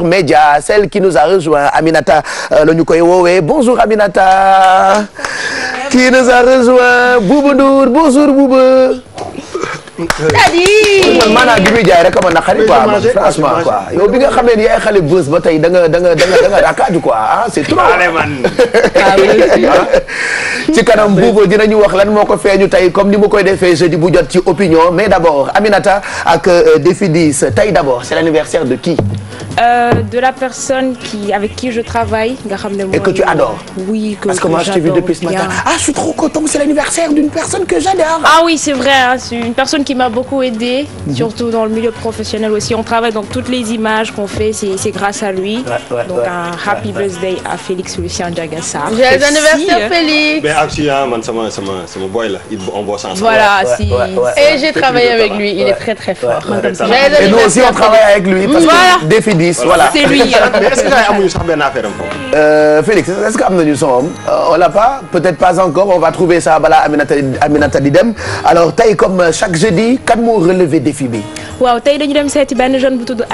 Média celle qui nous a rejoint Aminata euh, la ñu koy woowe bonjour Aminata qui nous a rejoint Bouba Ndour bonjour Bouba c'est-à-dire man maanaam bi muy jaay ma naqari quoi man franchement quoi yow bi nga xamee ni yaay xale bës ba tey da nga da nga da nga da nga raakaaju quoi ah c'est trop. Ah, ah. dina ñu wax lan moo ko feeñu tey comme ni mu koy defee jeudi bu jot ci opinion mais d'abord Aminata ak euh, Défi 10 tey d'abord c'est l'anniversaire de qui. Euh, de la personne qui, avec qui je travaille. Et que tu adores Oui, que Parce que, que moi, je t'ai vu depuis bien. ce matin. Ah, je suis trop content que c'est l'anniversaire d'une personne que j'adore. Ah oui, c'est vrai. Hein, c'est une personne qui m'a beaucoup aidée, mmh. surtout dans le milieu professionnel aussi. On travaille donc toutes les images qu'on fait, c'est grâce à lui. Ouais, ouais, donc ouais, un happy birthday à Félix Lucien Jagassa. J'ai anniversaire, Félix. Ben, c'est mon, boy là. On bosse ensemble. Voilà, si. Et j'ai travaillé avec lui. Il est très très fort. Et nous aussi, on travaille avec lui. Parce que fi diis voilà c'est lui mais est-ce que gars yi amuñu sax benn affaire am foofu. Euh, Félix est-ce que am euh, di dem alors tey comme chaque jeudi kan moo relever défi bi. waaw tey dañu dem seeti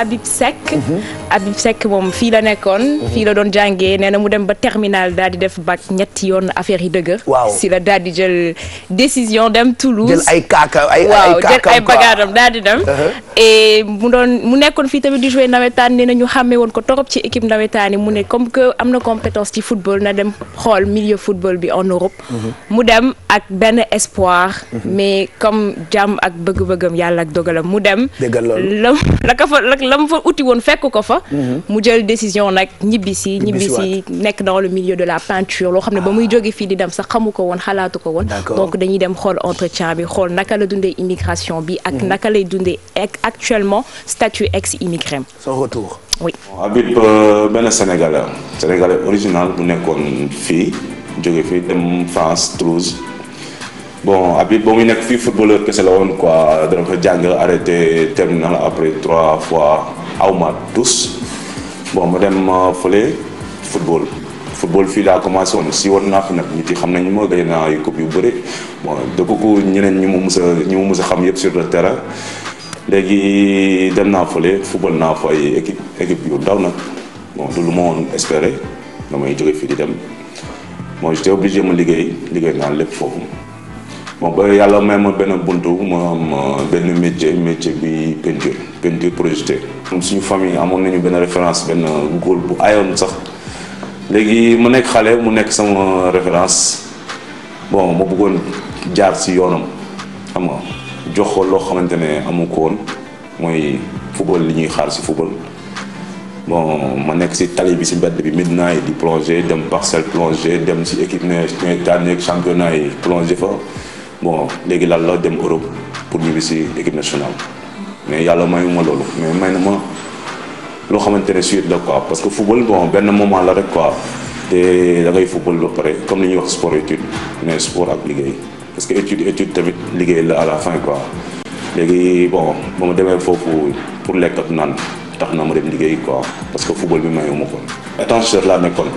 Habib Seck. Mhm. Habib Seck moom fii la nekkoon. Mhm. fii la doon jàngee nee na mu dem ba terminal daal di def bac ñetti yoon affaire yi dëgg. waaw si la daal di jël décision dem Toulouse. jël ay kaaka ay ay kaaka waaw jël ay bagaadam di dem. Uh-huh. et mu doon mu nekkoon jouer nawet. waxtaan nee na xàmme woon ko torop ci équipe ndawetaan yi mu ne comme que am na compétence ci football na dem xool milieu football bi en Europe. Mhm. mu dem ak benn espoir. Mhm. mais comme jàmm ak bëgg-bëggam yàlla ak dogalam mu dem. dëggal la la ko fa la mu fa uti woon fekk ko fa. Mhm. mu jël décision nag ñibbisi. ñibbisi nekk dans le milieu de la peinture loo xam ne ba muy ah. jóge fii di dem sax xamu ko woon xalaatu ko woon. donc dañuy dem xool entretien bi xool naka la dundee immigration bi. ak naka lay dundee e-, actuellement statut ex immigré. retour. oui euh, benn sénégalais sénégalais original bu nekkoon fii jóge fii dem France Toulouse bon Habib ba muy nekk fii footballeur kese la woon quoi dana ko jàng arrêté terminal après trois fois awma tous bon ma dem euh, fële football. football fii laa commencé woon si woon naa fi nag nit yi xam nañu ma gagné naa ay coupe yu bëri bon de kooku ñeneen ñi mu mus a ñi mu xam yëpp sur le terrain. léegi dem naa fële football naa fa ay équipe équipe yu ndaw nag bon du lu ma woon espéré damay jóge fii di dem bon j'étais obligé ma liggéey liggéey naa lépp foofu bon ba yàlla may ma benn buntu ma am euh, benn métier métier bi peinture peinture projetée comme suñu famille amoon nañu benn référence benn góor bu ayoon sax léegi mu nekk xale mu nekk sama référence bon ma bëggoon jaar si yoonam xam nga jox ko loo xamante ne amu ko woon mooy football li ñuy xaar si football bon ma nekk si tali bi si mbedd bi Médina yi di plongé dem parcelle plongé dem si équipe ne état yeeg championnat yi plongé fa bon léegi lan la dem Europe pour ñibbi si équipe nationale. mais yàlla mayuma loolu mais may na ma loo xamante ne suite la quoi parce que football bon benn moment la rek quoi te da ngay football ba pare comme li ñuy wax sport étude mais sport ak liggéey. parce que étude étude tamit liggéey la à la fin quoi léegi bon ba ma demee foofu pour lekk ak naan tax na ma dem liggéey quoi parce que football bi mayu ma ko étancheur laa nekkoon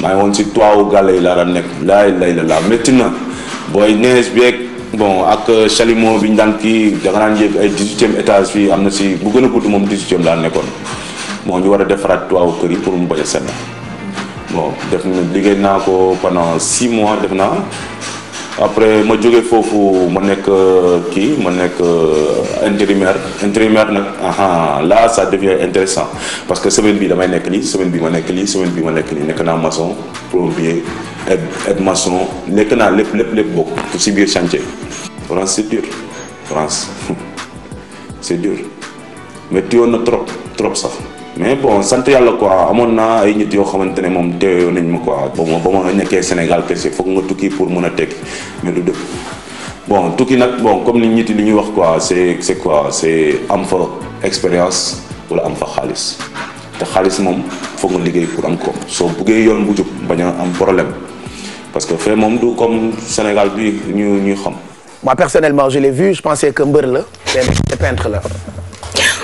maa ngi woon si toitu gàlle yi laa daan nekk laay lay la laa na booy nees beeg bon ak euh, chalumeau bi ñu daan kii da nga naan yéeg ay na si bu gën a moom dix-huitième laa nekkoon bon ñu war a defaraat toitu kër yi pour mu bañ a sedd bon def na liggéey naa ko pendant six mois def naa après ma jógee foofu ma nekk euh, kii ma nekk euh, intérimaire intérimaire nag aha là ça devient intéressant parce que semaine bi damay nekk lii semaine bi ma nekk nii semaine bi ma nekk lii nekk naa maçon plombier aide aide maçon nekk naa lépp lépp lépp bokk si biir chantier France c'est dur France c'est dur mais tiyoon na trop trop sax mais bon sant yàlla quoi amoon naa ay nit yoo xamante ne moom teewoo nañ ma quoi ba ma ba ma nekkee Sénégal kese foog nga tukki pour mën a teg mais du dëkk bon tukki nag bon comme ni nit li ñuy wax koi c'est c'est quoi c'est am fa expérience wala am fa xaalis te xaalis moom foog nga liggéey pour am ko soo buggee yoon bu jub bañ a am problème parce que fee moom du comme Sénégal bi ñu ñuy xam. moi personnellement je l'ai vu je pensais que mbër la. mais peintre la.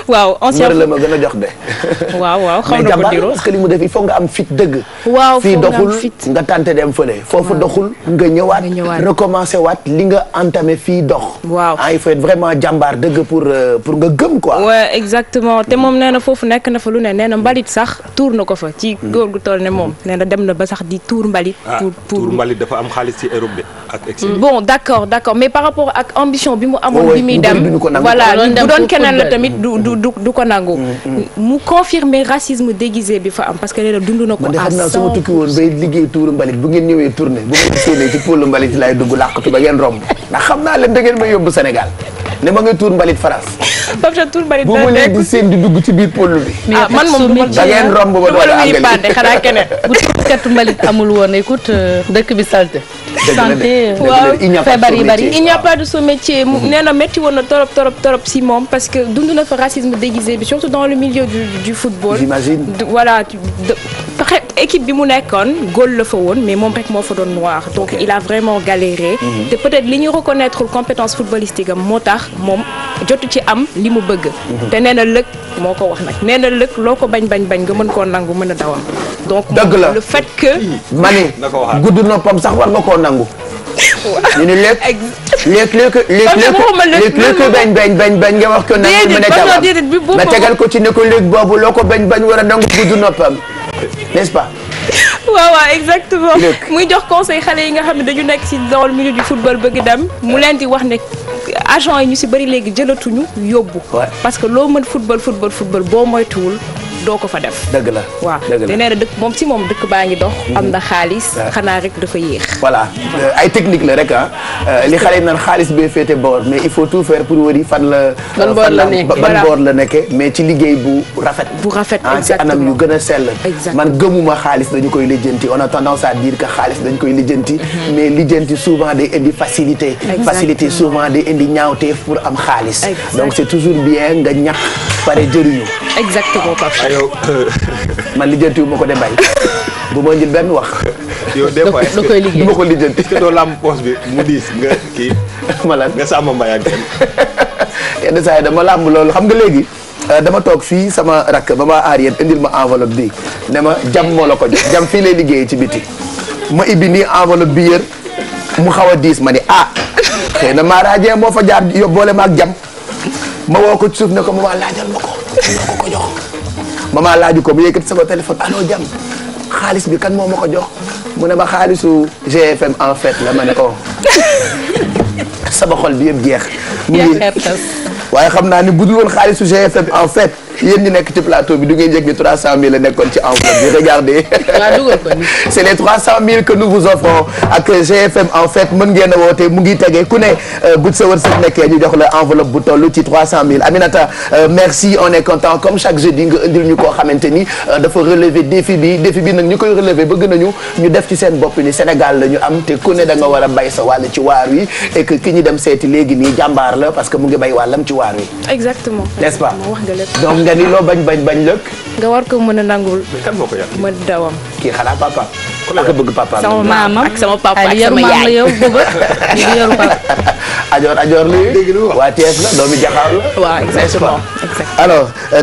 waaw ancien mbër la ma gën a jox de. waaw waaw xam li mu def il nga am fit dëgg. waaw fii doxul nga tante dem fële. foofu doxul nga ñëwaat. recommencer waat li nga entamé fii dox. waaw ah il faut être vraiment jàmbaar dëgg pour euh, pour nga gëm ko waaw exactement te moom nee na foofu nekk na fa lu ne nee na mbalit sax tuur na ko fa ci góor gu tool ne moom mm-hmm. nee na dem na ba sax di tuur mbalit. pour ah, pour tuur mbalit dafa am xaalis ci Europe bi. ak excès. Mm, bon d' accord d' accord mais par rapport ak ambition bi mu amoon. Oh, bi muy dem voilà bu doon keneen la tamit du du ko nangu. Mm, mm. mu confirmer racisme déguisé bi fa am parce que nee na dund na ko. à 100 xam naa su ma tukki woon bay liggéey tuuru mbalit bu ngeen ñëwee tournée bu ngeen séenee ci pôle dugg làqatu ba ngeen romb ndax xam naa leen da ngeen may yóbbu Sénégal ne ma ngay tuur mbalit France. Pape Thiam Toure Mbaye dina nekk di seen di dugg ci biir pôle bi. Ah, ah man moom du da ngeen romb ba doole àggali du xanaa keneen. bu tuutkatu mbalit amul woon écoute euh, dëkk bi salte santé euh, waaw feebar yi bari il n'y a pas de sous-métier nee na métti woon na torop torop torop si moom parce que dund na fa racisme déguisé bi surtout dans le milieu du du football. j'imagine voilà. équipe bi mu nekkoon góol la fa woon mais moom rek moo fa doon noir donc il a vraiment galéré mhm. te peut-être li ñu reconnaître compétence footballistique am moo tax moom jotu ci am li mu bëgg mhm. te nee na lëg moo ko wax nag nee na lëg loo ko bañ bañ bañ nga mën koo nangu mën a dawam donc dëgg la le fait que ma ni gudd noppam sax war nga koo nangu ñu ne lépp lépp lépp lépp lépp bañ bañ bañ bañ nga wax ko nangu mën a dawam nga tegal ko ci ne ko léeg boobu loo ko bañ bañ war a nangu gudd noppam n'est-ce pas. waaw waaw exactement. muy jox conseil xale yi nga xam ne dañu nekk si dawal milieu du football bëgg dem mu leen di wax ne agent yi ñu si bari léegi jëlatuñu yóbbu. parce que loo mën football football football boo moytuwul. doo ko fa def. dëgg la waaw te nee na moom si moom dëkk baa ngi dox. Mhm. am na xaalis xanaa rek dafa yéex. voilà euh, ay technique la rek ah. Euh, li xale yi naan xaalis bee féete boor mais il faut tout faire pour wari fan la. ban euh, boor la nekkee ban la nekkee mais ci liggéey bu rafet. bu rafet exactement ah, ci anam yu gën a sell. man gëmuma xaalis dañu koy lijjanti on a tendance à dire que xaalis dañ koy lijjanti. Mhm. mais lijjanti souvent day indi facilité. facilité souvent day indi ñaawteef pour am xaalis. donc c'est toujours bien nga ñax pare jëriñu. exactement Pape Cheikh. ma ko de bay bu ma njël benn wax. yow des fois est ma ko nga kii. ma lan nga sàmm kenn. saa yi dama làmb loolu xam nga léegi. Euh, dama toog fii sama rakk ba ma aar yéen indil ma enveloppe bi ne ma jam moo la ko jam fii lay liggéeyee ci biti ma ibbi nii enveloppe bi yër mu xaw a diis ma ni ah xëy na maa raajee moo fa jaar yóbboole ma jam ma woo ko suuf ne ko ma laajal ma ko. ñoo ko ko jox maman laaju ko mu yëkkati sama téléphone allo jàmm xaalis bi kan moo ma jox mu ne ma xaalisu GFM en fait la ma ne ko sama xol bi yëpp jeex. mu ngi waaye xam naa ni budul woon xaalisu GFM en fait. yéen ñi nekk ci plateau bi du ngeen yëg ni 300000 la nekkoon ci enveloppe bi regardez. c' est les 300000 nous vous offrons ak GFM en fait mën ngeen a woote mu ngi tege ku ne bu sa wërsëg nekkee ñu jox la enveloppe bu toll ci 300000 Aminata euh, merci on est content comme chaque jeudi nga indil ñu euh, ñu koy relever bëgg nañu ñu def ci seen bopp ni Sénégal la ñu am te ku ne da war a bay sa wàll ci waar wi et que ki ñu dem seeti léegi nii jàmbaar la parce que mu ngi bay wàllam ci waar nga ni loo bañ bañ bañ lëkk. nga war ko mën a nangul. mais kan moo ko yàq ma dawam. kii xanaa papa. ku la bëgg papa sama maamam ak sama papa ak sama yaay yow bëgg a yoru papa. ajoor ajoor lii. dégg nga waa Thiès la doomi jaxaar la. waaw exactement alors. Euh,